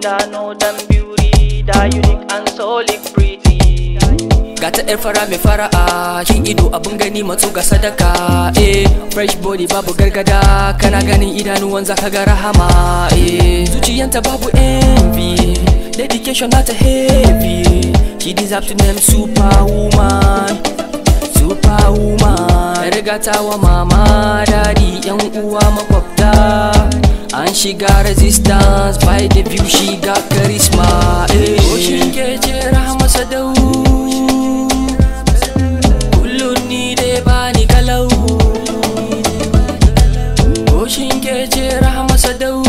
da no dan beauty da unique and solic pretty gata yar fara mai fara'a kin ido abin gani matso ga sadaka eh fresh body babu gargada kana ganin idanuwan zaka ga rahama eh zuciyanta babu envy dedication nata heavy she deserves to name superwoman superwoman riga wa mama dadi yan uwa makwabta an shiga resistance By the view she got charisma eh. Oshin kece rahama sadau Kullun ni dai bani kalau Oshin kece rahama sadau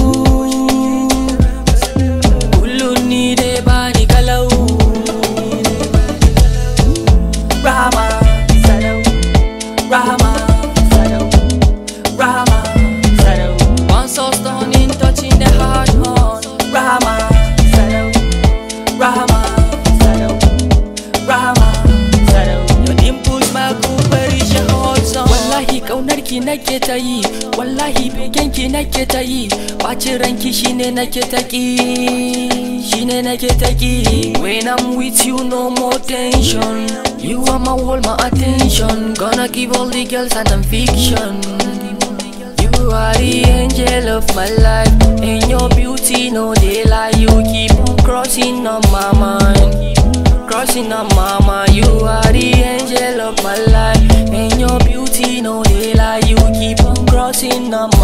nake ta yi wallahi begen nake ta yi bacin ranki shine nake ta ki shine nake ta ki when i'm with you no more tension you are my world my attention gonna give all the girls and I'm fiction you are the angel of my life and your beauty no day lie you keep on crossing on my mind crossing on my mind you are the angel of my life não